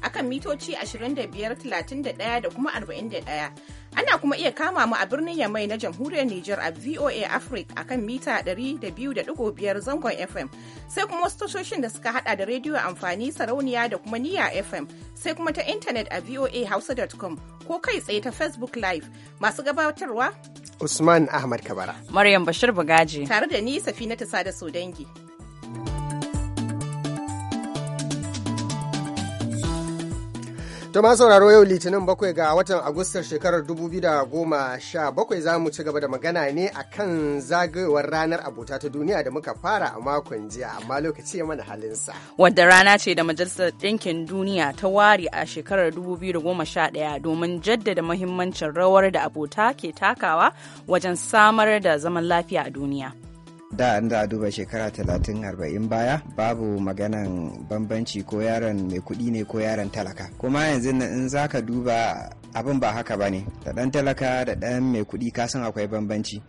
akan mitoci 25,31 da kuma 41. Ana kuma iya kama mu a birnin Yamai na jamhuriyar Nijar a VOA Africa akan mita 200.5 zangon FM. Sai kuma wasu tashoshin da suka hada da rediyo amfani sarauniya da kuma niya FM. Sai kuma ta intanet a voahausa.com ko kai tsaye ta Facebook Live masu gabatarwa. Usman Ahmad Kabara. Maryam Bashir Bugaji. Tare da ni Safina Tusa da dangi. To ma sauraro yau Litinin bakwai ga watan Agustar shekarar 2017 za mu ci gaba da magana ne a kan zagayowar ranar abota ta duniya da muka fara a makon jiya amma lokaci ya mana halinsa. Wadda rana ce da Majalisar Ɗinkin Duniya ta ware a shekarar 2011 domin jaddada mahimmancin rawar da abota ke takawa wajen samar da zaman lafiya a duniya. da an za a duba shekara 30-40 baya babu maganan bambanci ko yaron mai kuɗi ne ko yaron talaka kuma yanzu in za ka duba abin ba haka ba ne da ɗan talaka da ɗan mai kuɗi kasan akwai bambanci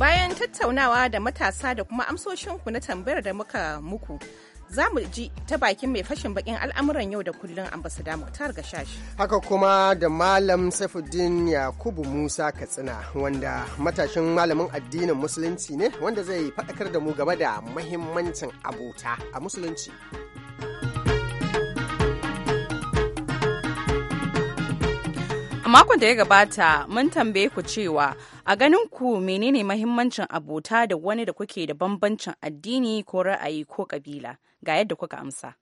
bayan tattaunawa da matasa da kuma amsoshinku na tambayar da muka muku za mu ji ta bakin mai fashin bakin al'amuran yau da kullun ambasada Muktar Gashash. Haka kuma da Malam Saifuddin Yakubu Musa Katsina wanda matashin malamin addinin Musulunci ne wanda zai faɗakar da mu game da mahimmancin abota a Musulunci. makon da ya gabata mun tambaye ku cewa a ganin ku menene mahimmancin abota da wani da kuke da bambancin addini ko ra'ayi ko kabila ga yadda kuka amsa.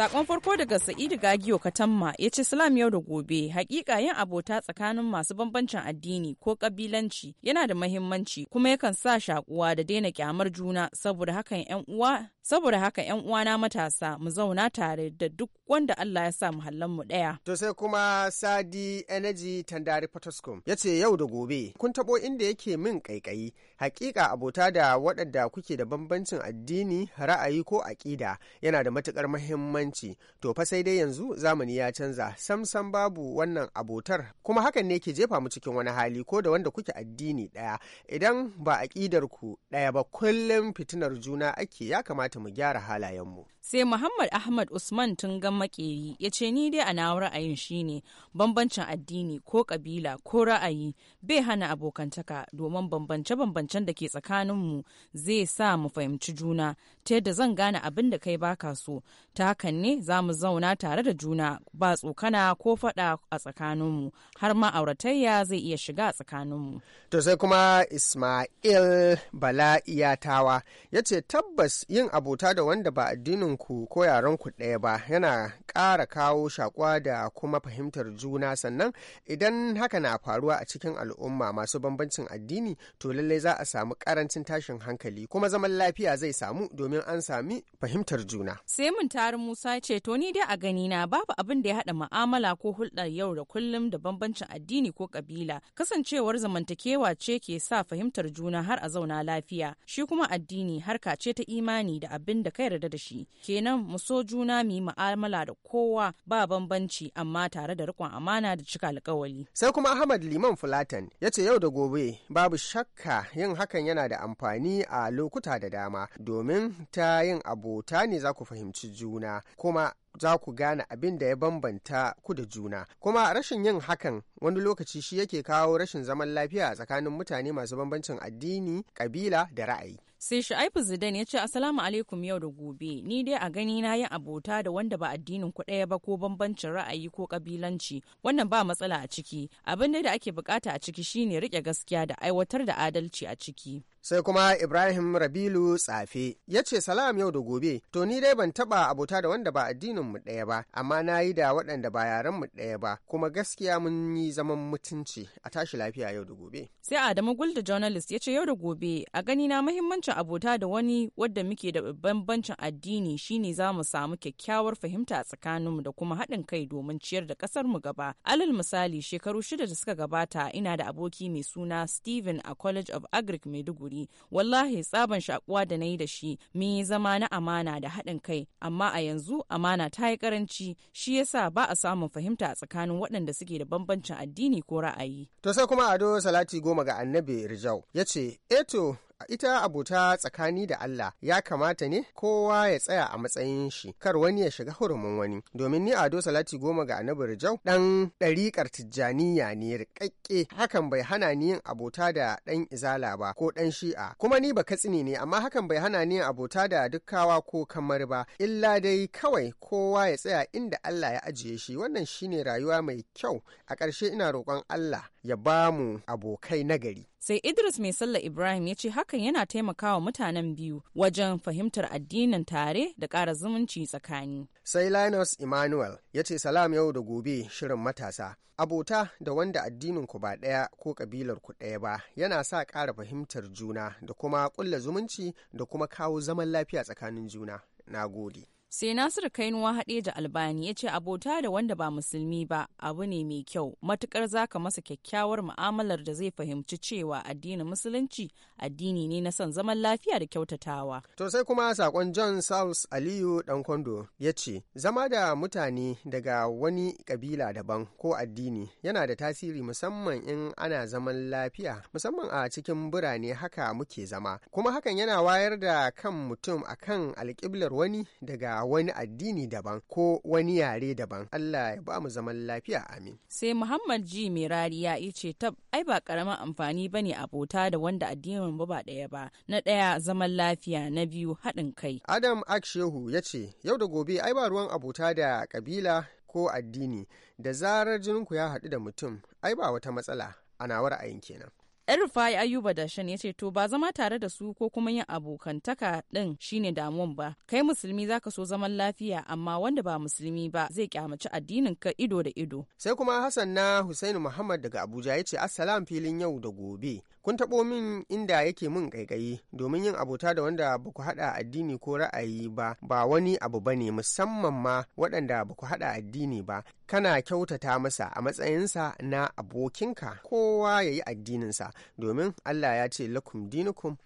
Sakon farko daga Sa'idu Gagiyo Katamma ya ce Salam yau da gobe hakika yin abota tsakanin masu bambancin addini ko kabilanci yana da mahimmanci kuma yakan sa shakuwa da daina kyamar juna saboda hakan yan uwa saboda haka yan uwana matasa mu zauna tare da duk wanda Allah ya sa muhallan mu daya. To sai kuma Sadi Energy Tandari Potoscom ya ce yau da gobe kun tabo inda yake min kaikayi hakika abota da waɗanda kuke da bambancin addini ra'ayi ko aƙida yana da matukar mahimmanci kasuwanci to fa sai dai yanzu zamani ya canza samsam babu wannan abotar kuma hakan ne ke jefa mu cikin wani hali ko da wanda kuke addini daya idan ba aƙidar ku daya ba kullum fitinar juna ake ya kamata mu gyara halayenmu. sai muhammad ahmad usman tungan makeri ya ce ni dai a ra'ayin shine bambancin addini ko kabila ko ra'ayi bai hana abokantaka domin bambance-bambancen da ke tsakaninmu zai sa mu fahimci juna ta yadda zan gane abin da kai baka so ta hakan ne za mu zauna tare da juna ba tsokana ko faɗa a tsakaninmu har ma auratayya zai iya shiga a tsakaninmu. to sai kuma ismail bala iyatawa ya ce tabbas yin abota da wanda ba addinin ku ko ku ɗaya ba yana ƙara kawo shakuwa da kuma fahimtar juna sannan idan haka na faruwa a cikin al'umma masu bambancin addini to lallai za a samu ƙarancin tashin hankali kuma zaman lafiya zai samu domin an sami fahimtar juna. Sai mun tari Musa ce to ni dai a gani na babu abin da ya haɗa mu'amala ko hulɗar yau da kullum da bambancin addini ko ƙabila kasancewar zamantakewa ce ke sa fahimtar juna har a zauna lafiya shi kuma addini harka ce ta imani da abin da ka yarda da shi kenan mu so juna mu yi mu'amala da kowa ba bambanci amma tare da riƙon amana da cika alƙawari. Sai kuma Ahmad Liman Fulatan ya ce yau da gobe babu shakka yin hakan yana da amfani a lokuta da dama domin ta yin abota ne za ku fahimci juna kuma za ku gane abin da ya bambanta ku da juna kuma rashin yin hakan wani lokaci shi yake kawo rashin zaman lafiya tsakanin mutane masu bambancin addini kabila da ra'ayi sai shu'aibu Zidane ya ce asalamu alaikum yau da gobe ni dai a gani na yin abota da wanda ba addinin ku ɗaya ba ko bambancin ra'ayi ko kabilanci wannan ba matsala a ciki abin da ake bukata a ciki shine rike gaskiya da aiwatar da adalci a ciki sai kuma ibrahim rabilu tsafe ya ce salam yau da gobe to ni dai ban taba abota da wanda ba addinin mu ɗaya ba amma na yi da waɗanda ba yaren mu ɗaya ba kuma gaskiya mun yi zaman mutunci a tashi lafiya yau da gobe sai adamu gul da journalist ya ce yau da gobe a gani na muhimmancin abota da wani wadda muke da bambancin addini shine za mu samu kyakkyawar fahimta a mu da kuma haɗin kai domin ciyar da ƙasar mu gaba alal misali shekaru shida da suka gabata ina da aboki mai suna steven a college of agric maiduguri wallahi tsaban shakuwa da na yi da shi mun yi zama na amana da haɗin kai amma a yanzu amana ta yi karanci shi yasa ba a samun fahimta a tsakanin waɗanda suke da bambancin addini ko ra'ayi. To sai kuma Ado Salati goma ga Annabi Rijau ya ce, Eto eh ita abota tsakani da Allah ya kamata ne kowa ya tsaya a matsayin shi kar wani ya shiga hurumin wani domin ni ado salati goma ga annabi rijau dan ɗariƙar tijjaniya ne rikakke hakan bai hana ni yin abota da ɗan izala ba ko ɗan shi'a kuma ni ba tsini ne amma hakan bai hana ni yin abota da dukkawa ko kamar ba illa dai kawai kowa ya tsaya inda Allah ya ajiye shi wannan shine rayuwa mai kyau a ƙarshe ina roƙon Allah ya ba mu abokai nagari. Sai Idris mai sallah Ibrahim ya ce hakan yana taimakawa mutanen biyu wajen fahimtar addinin tare da ƙara zumunci tsakani. Sai Linus Emmanuel ya ce salam yau da gobe shirin matasa. Abota da wanda addinin ku ba ɗaya ko ƙabilar ku ɗaya ba yana sa ƙara fahimtar juna da kuma ƙulla zumunci da kuma kawo zaman lafiya tsakanin juna. Na gode. sai nasir kainuwa haɗeja albani ya ce abota da wanda ba musulmi ba abu ne mai kyau matukar zaka masa kyakkyawar mu'amalar da zai fahimci cewa addinin musulunci addini ne na son zaman lafiya da kyautatawa to sai kuma sakon john sals aliyu dan kwando ya ce zama da mutane daga wani kabila daban ko addini yana da tasiri musamman in ana zaman lafiya musamman a cikin birane haka muke zama kuma hakan yana wayar da kan mutum akan alkiblar wani daga A wani addini daban ko wani yare daban Allah ya ba mu zaman lafiya amin sai Muhammad ji Mirari ya ce tab ai ba karamin amfani bane abota da wanda addinin ba ɗaya ba na ɗaya zaman lafiya na biyu haɗin kai Adam Akshehu ya ce yau da gobe ai ba ruwan abota da kabila ko addini da zarar jininku ya haɗu da mutum ai ba wata matsala ana nawa ra'ayin kenan Rufai Ayuba da shan ya ce to ba zama tare da su ko kuma yin abokantaka din shine damuwan ba. Kai musulmi zaka so zaman lafiya amma wanda ba musulmi ba zai kyamaci addinin ka ido da ido. Sai kuma Hassan na husainu Muhammad daga Abuja ya ce assalam filin yau da gobe. Kun taɓo min inda yake mun kaikayi domin yin abota da wanda ba ku haɗa addini ko ra'ayi ba ba wani abu bane musamman ma waɗanda ba ku haɗa addini ba kana kyautata masa a matsayinsa na abokinka kowa ya yi addininsa domin Allah ya ce lakum dinukum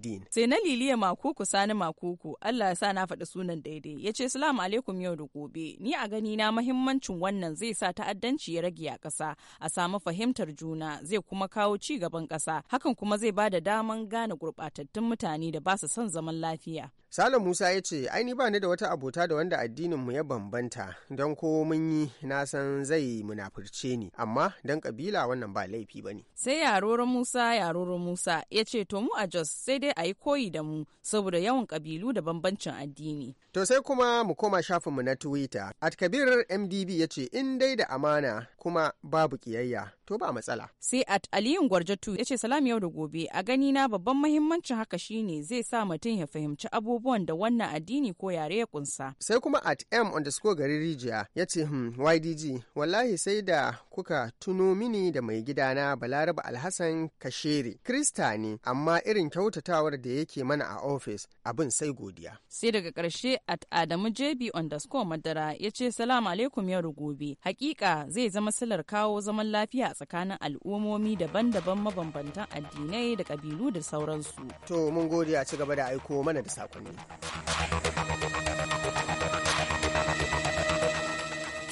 din. Sai na liliya makuku sani makuku Allah ya sa na faɗi sunan daidai ya ce salamu alaikum yau da gobe ni a gani na mahimmancin wannan zai sa ta'addanci ya rage a ƙasa a samu fahimtar juna zai kuma kawo ci gaban ƙasa hakan kuma zai ba da daman gane gurɓatattun mutane da ba su son zaman lafiya. Sale Musa ya ce, "Ai, ni ba ni da wata abota da wanda addininmu ya bambanta, don ko mun yi na san zai munafurce ni, amma don kabila wannan ba laifi ba ne." Sai yaroro Musa yaroro Musa ya ce, "To mu a Jos sai dai a yi koyi da mu saboda yawan kabilu da bambancin addini." To sai kuma mu koma shafinmu na Twitter, at Kabir MDB ya ce, "In dai da amana kuma babu kiyayya, to ba matsala. Sai at Aliyun Gwarjatu ya ce, "Salam yau da gobe, a gani na babban mahimmancin haka shine zai sa mutum ya fahimci abubuwa abubuwan da wannan addini ko yare ya kunsa. Sai kuma at m underscore gari rijiya ya ce hmm, YDG wallahi sai da kuka tuno mini da mai gidana Balaraba Alhassan Kashere. Krista ne amma irin kyautatawar da yake mana a ofis abin sai godiya. Sai daga karshe at Adamu JB underscore madara ya ce Salam alaikum ya gobe. Hakika zai zama silar kawo zaman lafiya a tsakanin al'ummomi daban-daban mabambantan addinai da ƙabilu da sauransu. To mun gode a ci gaba da aiko mana da sakonni.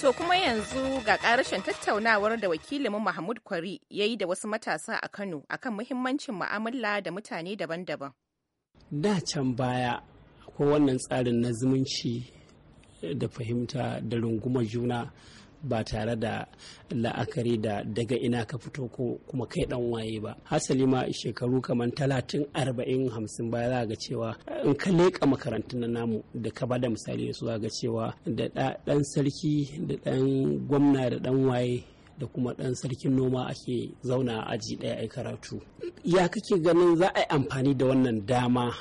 To kuma yanzu ga ƙarashin tattaunawar da wakilinmu Mahmud Kwari ya yi da wasu matasa a Kano akan muhimmancin mu'amala da mutane daban-daban. Da can baya akwai wannan tsarin na zumunci da fahimta da runguma juna ba tare da la'akari da daga ina ka fito ko kuma kai dan waye ba hasali ma shekaru kamar talatin arba'in hamsin ba za ga cewa in ka leƙa makarantun na namu da ka bada misali da su za ga cewa da ɗan sarki da ɗan gwamna da ɗan waye da kuma ɗan sarkin noma ake zauna a aji ɗaya a karatu ya kake ganin za a yi amfani da wannan dama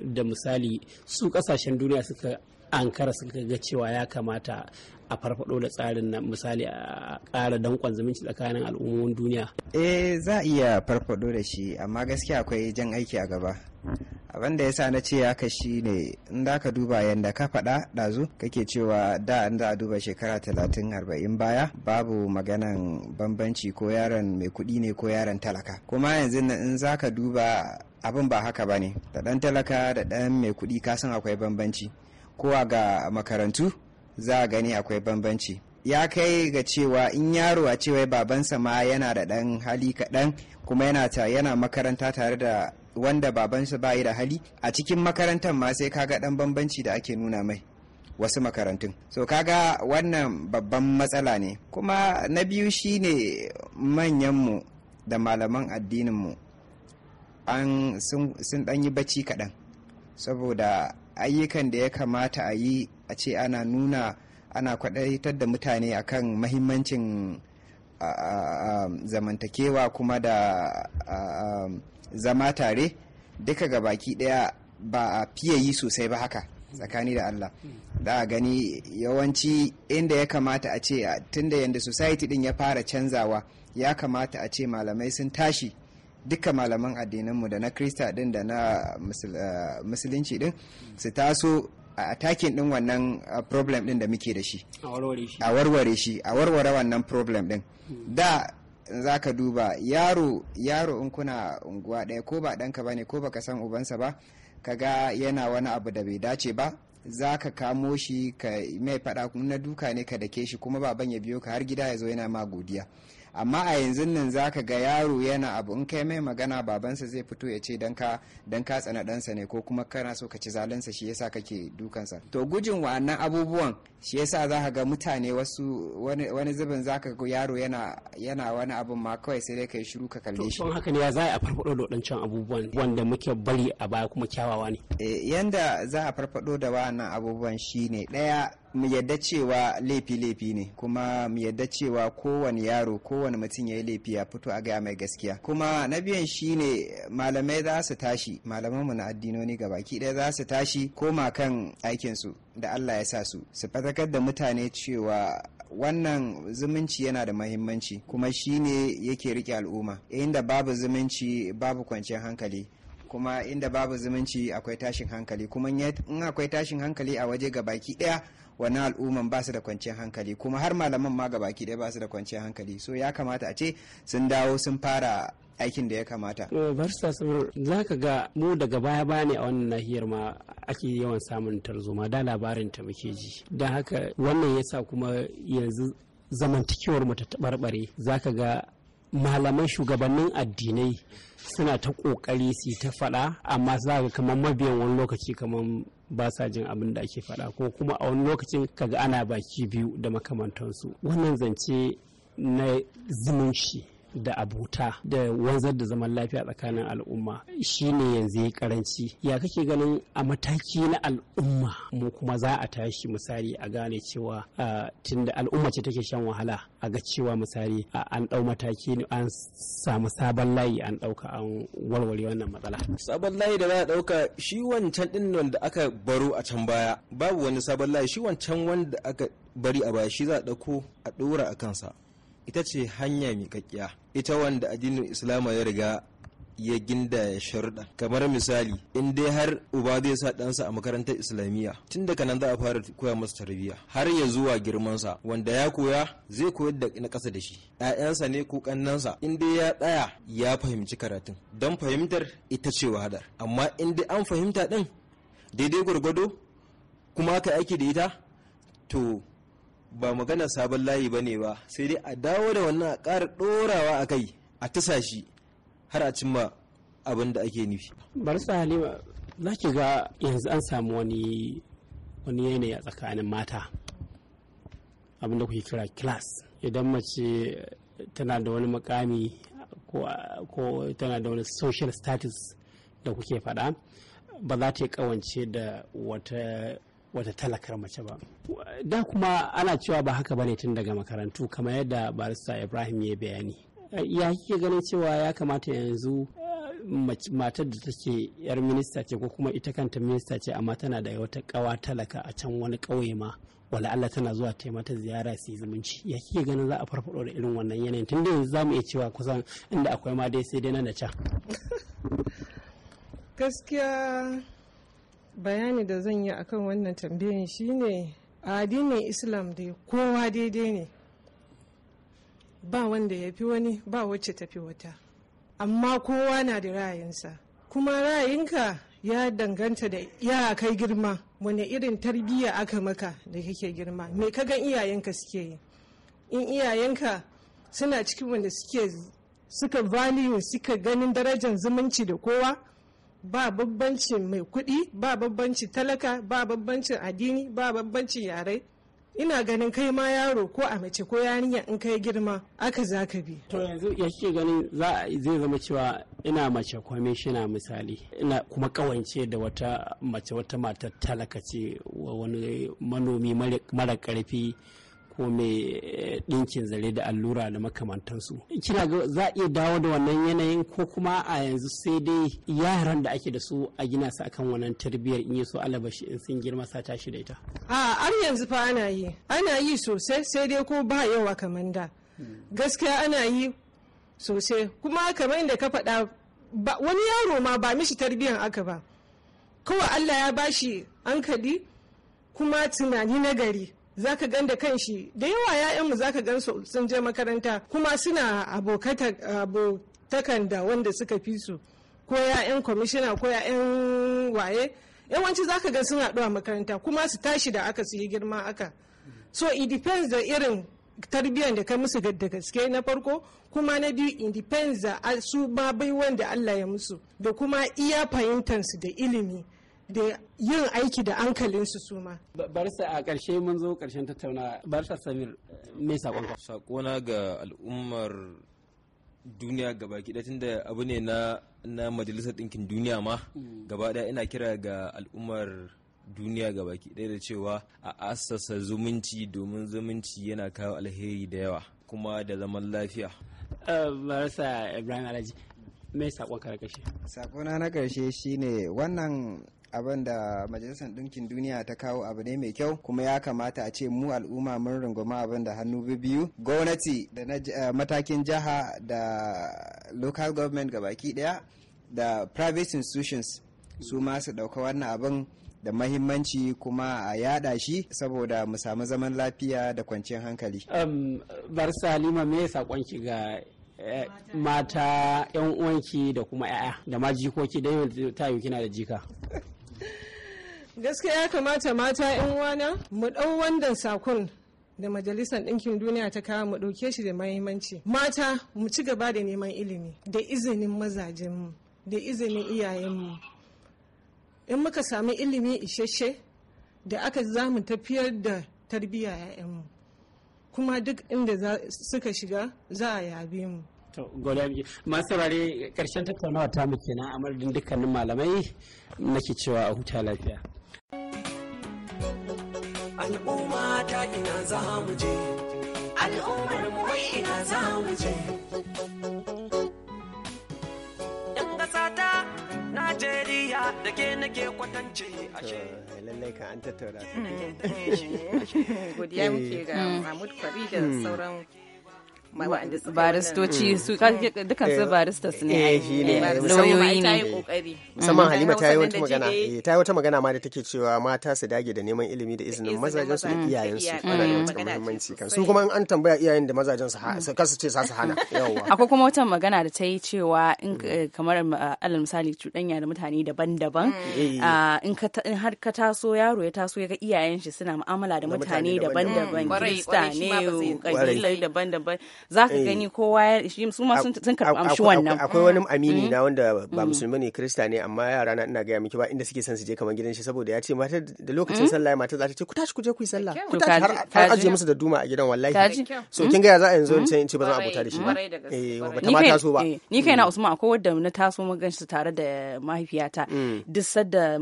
da misali su ƙasashen duniya suka an ankara ka ga cewa ya kamata a farfado da tsarin nan misali a ƙara danƙon zumunci tsakanin al'ummomin duniya eh za a iya farfado da shi amma gaskiya akwai jan aiki a gaba abin da yasa na ce haka ne in da ka duba yadda ka faɗa ɗazu kake cewa da an za a duba shekara talatin arba'in baya babu maganan bambanci ko yaron mai kuɗi ne ko yaron talaka kuma yanzu in za ka duba abin ba haka ba ne da ɗan talaka da ɗan mai kuɗi kasan akwai bambanci kowa ga makarantu za a gani akwai bambanci ya kai ga cewa in yaro a cewa babansa ma yana da ɗan hali kaɗan kuma yana ta yana makaranta tare da wanda babansa bayi da hali a cikin makarantar ma sai kaga ɗan bambanci da ake nuna mai wasu makarantun so kaga wannan babban matsala ne kuma na biyu shine manyanmu da malaman addininmu an sun ɗan yi bacci kaɗan saboda ayyukan da ya kamata a yi a ce ana nuna ana kwadaitar da mutane akan mahimmancin zamantakewa kuma da zama tare duka ga baki daya ba a fiye yi sosai ba haka tsakani da Allah da a gani yawanci inda ya kamata a ce tunda yadda society din ya fara canzawa ya kamata a ce malamai sun tashi duka malaman addinanmu da na krista din da na eh, musulunci din su taso a takin din wannan eh, problem din da muke da shi a warware shi a warware wannan problem din hmm. da za ka duba yaro yaro in kuna unguwa ɗaya ko ba ɗanka ba ne ko ba ka san ubansa ba ka ga yana wani abu da bai dace ba za ka kamo shi ka mai faɗa na duka ne ka dake shi kuma baban ya biyo ka har gida ya zo yana ma godiya amma a yanzu nan za ka ga yaro yana abu in kai mai magana babansa zai fito ya ce dan ka dan ka tsana ɗansa ne ko kuma kana so ka ci zalinsa shi yasa kake dukansa to gujin wa'annan abubuwan shi yasa ka ga mutane wasu wani, wani zubin ka ga yaro yana yana wani abun ma kawai sai dai ka yi shiru ka kalle shi. Don haka ne ya za a farfaɗo da waɗancan abubuwan wanda muke bari a baya kuma kyawawa ne. Eh, yanda za a farfaɗo da wa'annan abubuwan shine ɗaya mu yadda cewa laifi laifi ne kuma mu yadda cewa kowane yaro kowane mutum ya yi laifi ya fito a gaya mai gaskiya kuma na biyan shi ne malamai za su tashi malamanmu na addinoni baki ɗaya za su tashi koma kan aikinsu da Allah ya sa su su fatakar da mutane cewa wannan zumunci yana da mahimmanci kuma shi ne yake rike al'umma inda babu zumunci babu kwanciyar hankali kuma inda babu zumunci akwai tashin hankali kuma in akwai tashin hankali a waje ga baki ɗaya. wannan al'umman ba su da kwanciyar hankali kuma har malaman ma baki ɗaya ba su da kwanciyar hankali so ya kamata a ce sun dawo sun fara aikin da ya kamata. Barista Samir, za ka ga mu daga baya baya ne a wannan nahiyar ma ake yawan samun tarzoma da labarin ta muke ji. Don haka wannan yasa kuma yanzu zamantakewar mu ta taɓarɓare za ka ga malaman shugabannin addinai suna ta kokari su ta faɗa amma za ga kamar mabiyan wani lokaci kamar ba sa jin abin da ake faɗa ko kuma a wani lokacin kaga ana baki biyu da makamantansu wannan zance na zumunci da abuta da wanzar da zaman lafiya tsakanin al'umma shine yanzu ya karanci ya kake ganin a mataki na al'umma mu kuma za a tashi misali a gane cewa tunda al'umma ce take shan wahala a ga cewa misali an dau mataki ne an samu sabon layi an dauka an warware wannan matsala sabon layi da za a dauka shi wancan din wanda aka baro a can baya babu wani sabon layi shi wancan wanda aka bari a baya shi za a dauko a dora a kansa ita ce hanya miƙaƙƙiya ita wanda addinin islama ya riga ya ginda ya sharuɗa kamar misali in dai har uba zai sa ɗansa a makarantar islamiyya tun daga nan za a fara koya masa tarbiyya har ya zuwa girmansa wanda ya koya zai koyar da na ƙasa da shi ƴaƴansa ne ko ƙannansa in dai ya tsaya ya fahimci karatun don fahimtar ita ce wahadar amma in dai an fahimta ɗin daidai gwargwado kuma aka aiki da ita to ba magana sabon layi ba ne ba sai dai a dawo da wannan a ƙara ɗorawa a kai a tasa shi har a cimma abin da ake nufi. su halima za ki ga yanzu an samu wani wani yanayi a tsakanin mata abin da kuke kira class idan mace tana da wani makami ko tana da wani social status da kuke faɗa ba za ta yi kawance da wata wata talakar mace ba da kuma ana cewa ba haka bane tun daga makarantu kamar yadda barista ibrahim ya bayani ya kike ganin cewa ya kamata yanzu eh, matar da take yar minista ce ko kuma ita kanta minista ce amma tana da wata kawa talaka a can wani ƙauye ma wala Allah tana zuwa ta mata ziyara su zumunci ya kike ganin za a farfado da irin wannan yanayin da yanzu zamu iya cewa kusan inda akwai ma dai sai dai nan da can gaskiya bayani da zan yi akan wannan tambayin shine addinin islam dai kowa daidai ne ba wanda ya fi wani ba wacce tafi wata amma kowa na da ra'ayinsa kuma ra'ayinka ya danganta da ya kai girma wani irin tarbiyya aka maka da kake girma me ka gan iyayenka suke yi in iyayenka suna cikin wanda suke suka value suka ganin darajar zumunci da kowa ba bambancin mai kuɗi ba bambancin talaka ba bambancin addini ba bambancin yarai ina ganin kai ma yaro ko a mace ko yarinya in kai girma aka za ka bi. To yanzu ya kike ganin za zai zama cewa ina mace kwamishina misali ina kuma kawance da wata mace wata matar talaka ce wani manomi mara karfi ko mai eh, ɗinkin zare da allura da makamantansu kina ga za a iya dawo da wannan yanayin ko kuma a yanzu sai dai yaran da ake da su a gina su akan wannan tarbiyyar in yi so alabashi in sun girma sa tashi da ita a har yanzu fa ana yi ana yi sosai sai dai ko ba yawa kamar da gaskiya ana yi sosai kuma kamar da ka faɗa wani yaro ma ba mishi tarbiyyar aka ba kawai allah ya bashi hankali kuma tunani na gari zaka ganda kanshi da yawa 'ya'yanmu zaka gan su sun je makaranta kuma suna abotakan da wanda suka fi su ko 'ya'yan kwamishina ko 'ya'yan waye yawanci zaka ga haɗu a makaranta kuma su tashi da aka su yi girma aka so it depends da irin tarbiyyar da ka musu da gaske na farko kuma na biyu it depends da su babai wanda Allah ya musu da kuma iya fahimtansu da ilimi da yin aiki da ankalinsu su ma. Barsa a ƙarshe mun zo ƙarshen tattauna barsa Samir me saƙonka? Saƙona ga al'ummar duniya gaba ɗaya tunda abu ne na na majalisar ɗinkin duniya ma mm. gaba ɗaya ina kira ga al'ummar duniya gaba ɗaya da cewa a asasa zumunci domin zumunci yana kawo alheri da yawa kuma da zaman lafiya. Eh, barsa Ibrahim Alhaji me saƙon karkashe? Saƙona na karshe shine wannan abin da majalisar ɗinkin duniya ta kawo abu ne mai kyau kuma ya kamata a ce mu al'umma mun rungumi abin da hannu biyu gwamnati da eh, matakin jiha da local government baki daya da private institutions su ma su ɗauka wannan abin da mahimmanci kuma a yada shi saboda mu samu zaman lafiya da kwanciyar hankali. Um, Barsa Halima me saƙonki ga eh, mata yan uwanki da kuma 'ya'ya da ma jikoki yau ta yi kina da jika gaskiya ya kamata mata yan uwana, mu ɗau wannan sakon da majalisar ɗinkin duniya ta kawo mu ɗauke shi da mahimmanci mata mu ci gaba da neman ilimi da izinin mazajenmu da izinin iyayenmu in muka sami ilimi isasshe da aka za tafiyar da tarbiyya 'ya'yanmu kuma duk inda suka shiga za a yabe mu masu saurare karshen tattaunawa ta muke na amardin dukkanin malamai nake cewa a huta lafiya al'umma ta ina za mu je al'ummar mu wai ina za mu je yan ƙasa ta Najeriya da ke nake kwatance ashe lallai ka an tattauna godiya muke ga eh. Mahmud Kwari da hmm. sauran baristoci su mm. dukkan su eh, baristas eh, ne lauyoyi ne musamman halima ta yi wata magana eh, ta yi wata magana ma da take cewa mata su dage da neman ilimi da izinin mazajen su da iyayen su ana da wata muhimmanci kan su kuma an tambaya iyayen da mazajen su mm. kar su ce sa su hana yawa akwai kuma wata magana da ta yi cewa in mm. kamar alal misali cuɗanya da mutane daban-daban ah, in har ka taso yaro ya taso ya ga iyayen shi suna mu'amala da mutane daban-daban kirista ne kabilar daban-daban za ka eh. gani kowa shi su ma sun karɓi amshi wannan akwai wani mm-hmm. amini na wanda ba mm-hmm. musulmi ne krista ne amma yara na ina gaya miki ba inda suke son su je kamar gidan shi saboda ya ce mata da lokacin mm-hmm. sallah ya mata za ta ce ku tashi ku je ku yi sallah ku tashi har aje musu da duma a gidan wallahi so kin ga za a yanzu in ce in ce ba zan abota da shi ba eh ba ta ma taso ba eh, ni na mm. Usman akwai wanda na taso mun gan shi tare da mahaifiyata mm. duk sadda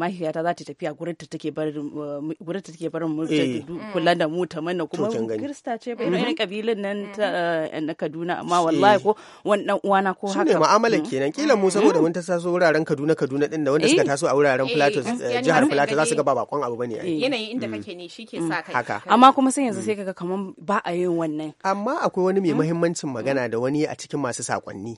mahaifiyata za ta tafiya gurin ta take bar uh, gurin ta take bar mu eh. kula da mu ta manna kuma krista ce bai irin kabilin nan mm. ta eh, na Kaduna amma wallahi ko wani dan uwana ko haka. Shine mu'amalan mm. kenan kila mu saboda mm. mun ta taso wuraren Kaduna Kaduna din da wanda suka eh. taso a wuraren eh, Plateau jihar Plateau za su ga ba bakon abu bane ai. Yanayin inda mm. kake ne shi ke sa kai. Haka. Amma kuma sai yanzu sai kaga kaman ba a yin wannan. Amma akwai wani mai muhimmancin magana da wani a cikin masu sakonni.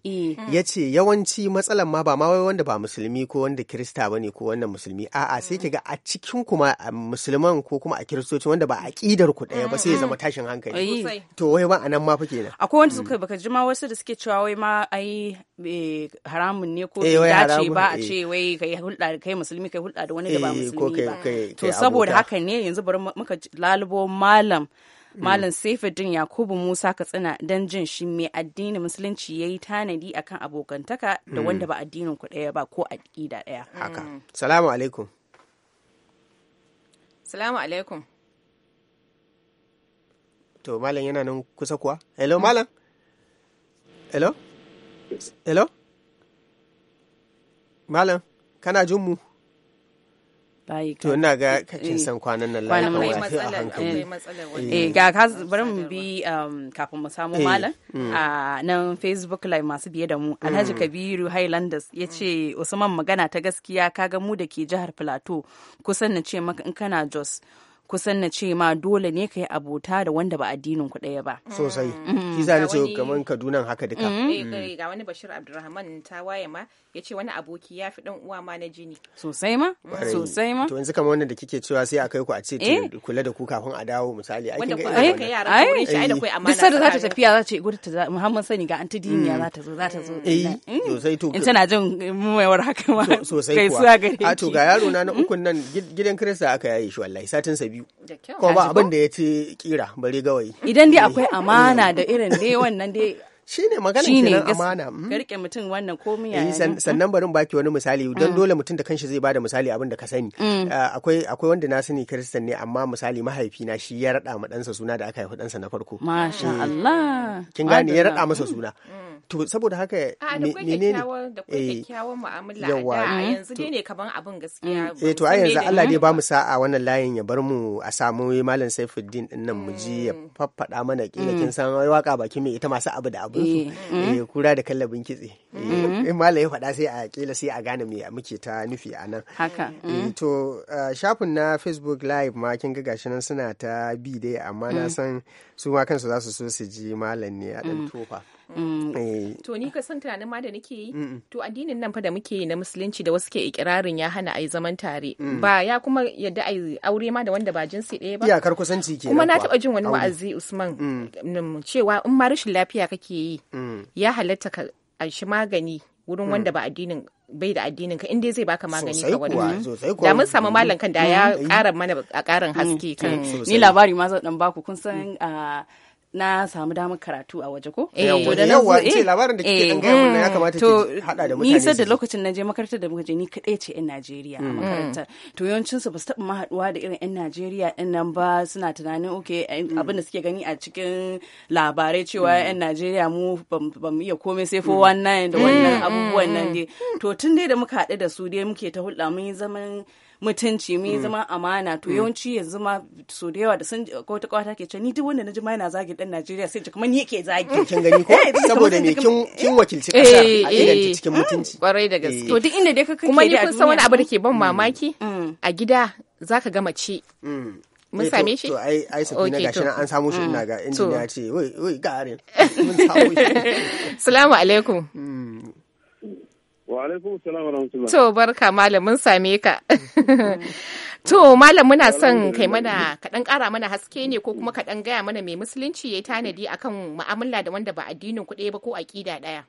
Yace yawanci matsalan ma ba ma wai wanda ba musulmi ko wanda Kirista bane ko wannan musulmi a'a sai kaga a cikin kuma musulman ko kuma a kiristocin wanda ba a kidar ku daya ba sai ya zama tashin hankali. To wai ba anan nan ma fake nan akwai wanda hmm. suka baka jima wasu da suke cewa wai ma ai eh, haramun ne ko eh, bai dace ba a eh. ce wai kai hulɗa kai musulmi kai hulɗa da wani da ba musulmi ba to saboda haka ne yanzu bari muka lalubo malam hmm. Malam Saifuddin Yakubu Musa Katsina don jin shi mai addinin musulunci ya yi tanadi akan abokantaka da wanda hmm. ba addinin ku ɗaya ba ko aƙida ɗaya. Haka. Salamu alaikum. Salamu alaikum. to malam yana nan kusa kuwa hello malam hello hello malam kana jin mu to ina ga kacin eh. san kwanan nan lafiya wafi a hankali eh, eh. eh ga ka bari mu bi um, kafin mu samu malam mm. a nan facebook live masu biye da mu Alhaji mm. Kabiru Highlanders ya ce, Usman magana ta gaskiya ka ga mu da ke jihar Plateau kusan na ce maka in kana Jos kusan na ce ma dole ne ka yi abota da wanda ba addinin ku ɗaya ba. Sosai. Mm-hmm. Shi za ce kamar Kaduna haka duka. Mm-hmm. Eh, mm. Ga wani Bashir Abdulrahman ta waye ma ya ce wani aboki ya fi ɗan uwa ma na jini. Sosai ma? Sosai ma? To yanzu kamar wanda da kike cewa sai a kai ku a ce eh? kula da ku kafin a dawo misali. Wanda ku ka yara ku wurin shi ai da kai amana. Bisa da za ta tafiya za ta gudu ta Muhammad Sani ga anti diniya za ta zo za ta zo. Eh mm. sosai to. In tana jin mumaiwar haka ma. Sosai kuwa. Kai gare A to ga yaro na na mm-hmm. ukun nan gidan Kirista aka yaye shi wallahi satin sa biyu. biyu ko ba abin da ya ce kira bari gawayi idan dai akwai eh. amana da irin ne wannan dai shi ne magana kenan amana hmm. ka rike mutum wannan komai eh, San sannan barin baki wani misali don mm. dole mutum da kanshi zai bada misali abin da ka sani mm. eh, akwai akwai wanda na sani kristan ne amma misali mahaifi na shi ya rada ma ɗansa suna da aka haifi ɗansa na farko masha eh, Allah kin gane ya rada masa suna mm. to saboda haka ne ah, da kyakkyawan mu'amala da yanzu dai ne kaman abin gaskiya eh to a yanzu Allah dai ba mu sa'a wannan layin ya bar mu a samu malam Saifuddin din nan mu ji ya faffada mana kila kin san waka baki mai ita masu abu da abu Eh, eh, mm. kura da kallabin kitse eh, mm. in mala ya faɗa sai a kila sai a gane me muke ta nufi a nan haka mm. to shafin na facebook live ma kin ga gashi nan suna ta bi dai amma na san su ma kansu za su so su ji malam ne a ɗan tofa Mm. Eh. to ni ka san tunanin ma da nake yi to addinin nan fa da muke yi na musulunci da wasu ke ikirarin ya hana ayi zaman tare mm. ba ya kuma yadda yi aure ma da wanda ba jinsi ɗaya ba iyakar kusanci ke kuma na taba jin wani wa'azi Usman mm. cewa in ma rashin lafiya kake yi ya halatta ka a shi magani wurin wanda ba addinin bai da addinin ka inda zai baka magani ka wani da mun samu malam kan da ya kara mana a karin haske kan ni labari ma zan dan baku kun san ah, na samu damar karatu a waje ko? Eh, yawwa yawwa ce eh, labarin da kike eh, dan gaya wannan ya mm, kamata ta hada da mutane. Ni sai da lokacin na je makarantar da muka je ni kadai ce yan Najeriya a mm. makarantar. To yawancin su ba su taba mahaduwa da irin yan Najeriya din nan ba suna tunanin okay mm. abin da suke gani a cikin labarai cewa yan Najeriya mu ba mu iya komai sai 419 da wannan abubuwan nan dai. To tun dai da muka haɗu da su dai muke ta hulɗa mun yi zaman mutunci mu mm. zama amana to mm. yawanci yanzu ma so da yawa da sun ko ta kwata ke ce ni duk wanda naji ma yana zagi dan Najeriya sai ji kamar ni yake zagi mm. kin gani ko eh, saboda me kin kin eh. wakilci kasa a gidan eh, cikin mutunci kwarai ah, da gaske to duk inda dai ka kake kuma ni kun san wani abu da ke ban mamaki a gida zaka ga mace mun same shi? To ai ai safi na gashi an samu shi ina ga injiniya ce wai wai ga are mun samu shi. assalamu alaikum. To barka malam mun same ka. To malam muna son kai mana kaɗan ƙara mana haske ne ko kuma kaɗan gaya mana mai musulunci ya tanadi akan mu'amala da wanda ba addinin kuɗe ba ko aƙida ɗaya.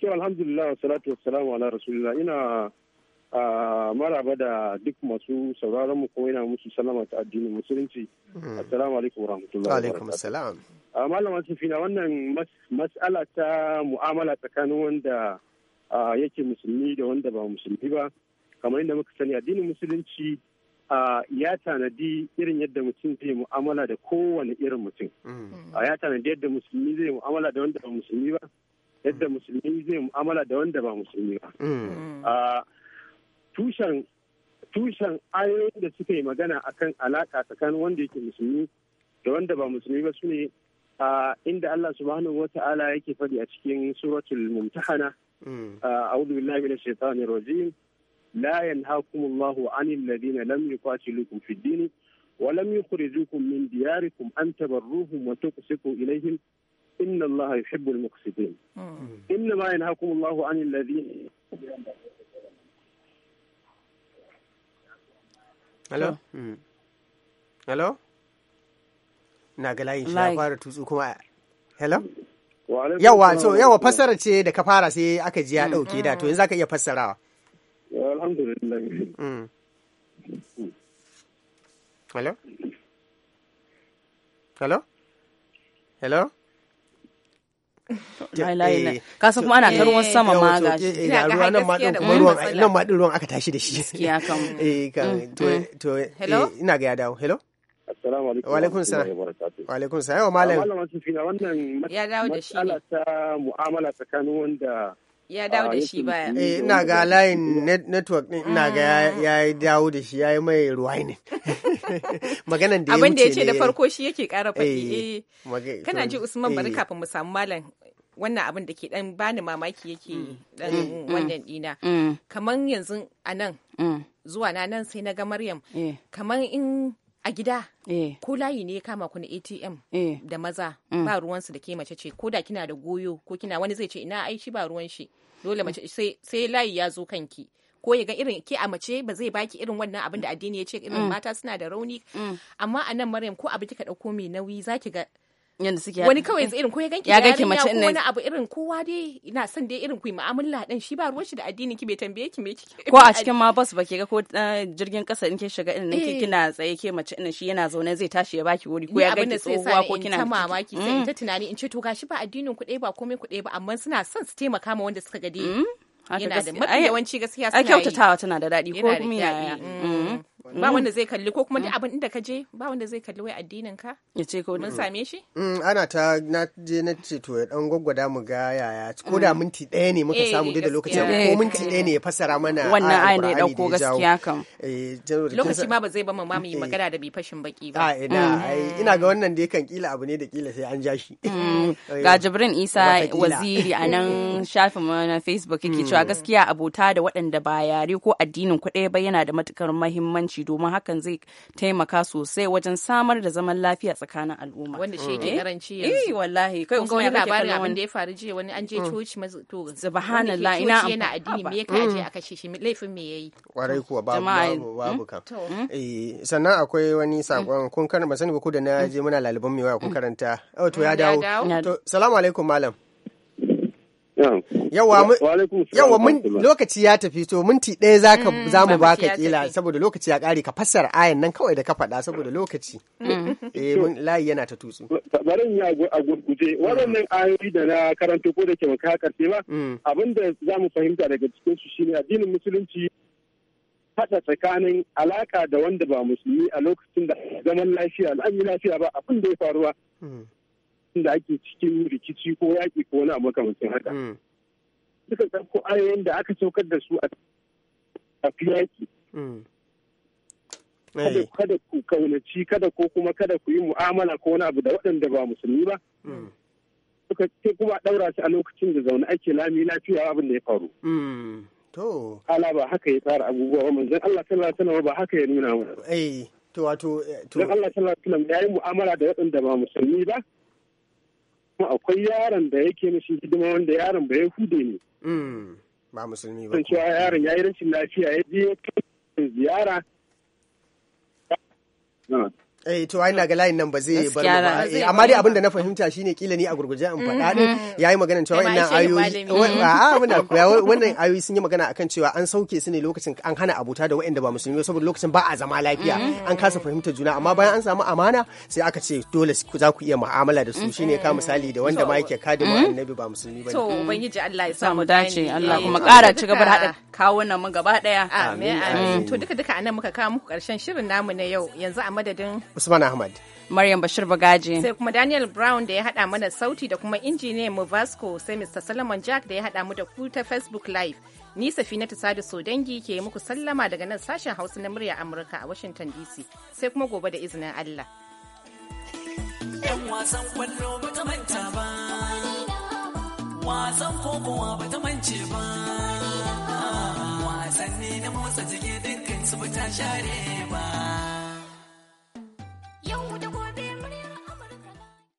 To alhamdulillah salatu wa salamu ala rasulillah ina maraba da duk masu sauraron mu ko yana musu salama ta addinin musulunci hmm. assalamu alaikum warahmatullahi alaikum assalam malama sufina wannan mas'ala ta mu'amala tsakanin wanda yake musulmi da wanda ba musulmi ba kamar yadda muka sani addinin musulunci ya tanadi irin yadda mutum zai mu'amala da kowane irin mutum hmm. ya tanadi yadda musulmi zai mu'amala da wanda ba musulmi ba yadda musulmi zai mu'amala da wanda ba musulmi ba hmm. tushen tushen ayoyin da suka yi magana akan alaka tsakanin wanda yake musulmi da wanda ba musulmi ba su ne inda Allah subhanahu wa ta'ala yake faɗi a cikin suratul mumtahana mm. a'udhu billahi minash shaitanir rajim la yanhaakum Allahu 'anil ladina lam yuqatilukum fid din wa lam yukhrijukum min diyarikum an tabarruhum wa tuqsitu ilayhim inna Allah yuhibbul muqsitin mm. inna ma yanhaakum Allahu 'anil ladina Hello? Mm. Hello? Na ga layin shi ya fara tutsu kuma. Hello? Yawa, so yawa fassara ce da ka fara sai aka ji ya mm. ɗauke da to yanzu ka iya fassarawa. Alhamdulillah. Mm. Hello? Hello? Hello? Eh, kasan kuma ana ta ruwan sama eh, eh, ma ga tashi da shi mm, to mm. ina ya dawo hello assalamu alaikum wa alaikum salam wa alaikum ah, ya dawo da shi ne mu'amala tsakanin wanda ya dawo da shi baya eh ina ga layin network din ina ga ya ah. dawo da shi ya yi mai rewinding maganan da ya abin da ya da farko shi yake kara faɗi eh, eh. kana ji Usman bari eh. kafin mu samu malam wannan abin da ke dan bani mamaki yake dan mm. mm. mm. wannan dina kaman yanzu anan, zuwa na nan sai na ga Maryam eh. kaman in a gida eh. ko layi ne ya kama ku na atm eh. da maza mm. ba ruwansu da ke mace ce ko da kina da goyo ko kina wani zai ce ina ai ba ruwan shi dole mace sai layi ya zo kanki ko ya ga irin ke a mace ba zai baki irin wannan abin da addini ya ce irin mm. mata suna da rauni mm. amma a nan maryam ko abu kika dauko mai nauyi zaki ga yanda suke wani kawai yanzu irin ko ya ganki ya ganki mace ne wani abu irin kowa dai ina son dai irin ku yi mu'amala din shi ba ruwan shi da addini ki bai tambaye ki me kike ko a cikin ma bus ke ga ko jirgin kasa in ke shiga irin ki eh. kina tsaye ke mace ina shi yana zaune zai tashi ya baki wuri ko ya ganki tsohuwa ko kina ta mamaki sai mm. ta tunani in ce to gashi ba addinin ku ba komai ku ɗaya ba amma suna son su taimaka ma wanda suka ga dai mm. yana da mafi yawanci gaskiya suna yi a kyautatawa tana da daɗi ko kuma yaya mm. ba mm. wanda zai kalli ko kuma duk mm. abin inda ka je ba wanda zai kalli wai addinin ka ya ce ko mun same shi mm, ana ta na je na ce to ya dan gwaggwada mu ga yaya ko da minti ɗaya ne muka eh, samu dai da lokacin ko eh, minti ɗaya ne ya fassara mana wannan ayan da ya dauko gaskiya kan eh, lokaci ma ba zai ba mu ma mu yi magana da bai fashin baki ba a ina ina ga wannan da kan kila abu ne da kila sai an ja shi ga Jibrin Isa waziri a nan shafin na Facebook yake cewa gaskiya abota da waɗanda ba yare ko addinin ku ɗaya ba yana da matukar muhimmanci shi domin hakan zai taimaka sosai wajen samar da zaman lafiya tsakanin al'umma wanda shi ke eh? karanci eh, yanzu eh wallahi kai kuma wani labarin abin da ya faru jiya wani an je mm. coci to subhanallah ina yana addini me yake a kashe shi laifin me yayi kwarai kuwa babu babu mm? kan mm? eh sannan akwai wani sakon kun karanta ba sani ba ku da na je muna laliban mai waya kun karanta oh to ya dawo to salamu alaikum malam Yawa lokaci ya tafi to minti ɗaya ka mm, za mu baka kila saboda lokaci ya ƙare ka fassara ayan nan kawai da ka faɗa saboda lokaci. Mm. Eh mun layi yana ta tutsu. Bari ya a gurguje mm. waɗannan ayoyi da na karanta ko da ke maka karfe ba abinda za mu fahimta daga cikin su shine addinin musulunci haɗa tsakanin alaka da wanda ba musulmi a lokacin da zaman lafiya al'amari lafiya ba abin da ya faruwa da ake cikin rikici ko yaƙi ko wani makamancin haka. Hmm. Suka ɗauko ayoyin da aka saukar da su a fi yaƙi. Hmm. Eh. Kada ku kaunaci kada ko kuma kada ku yi mu'amala ko wani abu da waɗanda ba musulmi ba. Hmm. Suka ce kuma ɗaura su a lokacin da zaune ake lami lafiya abin da ya faru. To. Ala ba haka ya tsara abubuwa ba manzon Allah sallallahu alaihi wasallam ba haka ya nuna mana. Eh to wato eh, to. Allah sallallahu alaihi wasallam ya yi mu'amala da waɗanda ba musulmi ba. kuma akwai yaron da yake mishi hidima wanda yaron ba ya yahude ne hmm, ba musulmi ba cewa yaron ya yi rashin lafiya ya je ziyara ah. eh to ai na ga layin nan ba zai bar ba eh, amma dai abin da na fahimta shine kila ni a gurguje in faɗa mm-hmm. din yayi magana cewa wannan ayoyi a muna wannan ayoyi sun yi magana akan cewa an sauke su ne lokacin an hana abota da waɗanda ba musulmi saboda lokacin ba a zama lafiya mm-hmm. an kasa fahimta juna amma bayan an samu amana sai aka ce dole za ku iya mu'amala da su mm-hmm. shine ka misali da wanda ma yake kada ma annabi ba musulmi ba to ubangiji Allah ya samu mu dace Allah kuma ƙara ci gaba hada haɗa kawunan mu gaba daya amin amin to duka duka anan muka kawo muku karshen shirin namu na yau yanzu a madadin Usman Ahmad. Maryam Bashir Bagaji. Sai kuma Daniel Brown da ya haɗa mana sauti da kuma injiniyan mu Vasco sai Mr. Solomon Jack da ya haɗa mu da ku ta Facebook Live. Ni Safina so dangi ke muku sallama daga nan sashen Hausa na murya Amurka a Washington DC. Sai kuma gobe da izinin Allah. wasan kokowa ba ta mance ba, wasanni na motsa jiki dukkan su ba ta share ba. Yau da gobe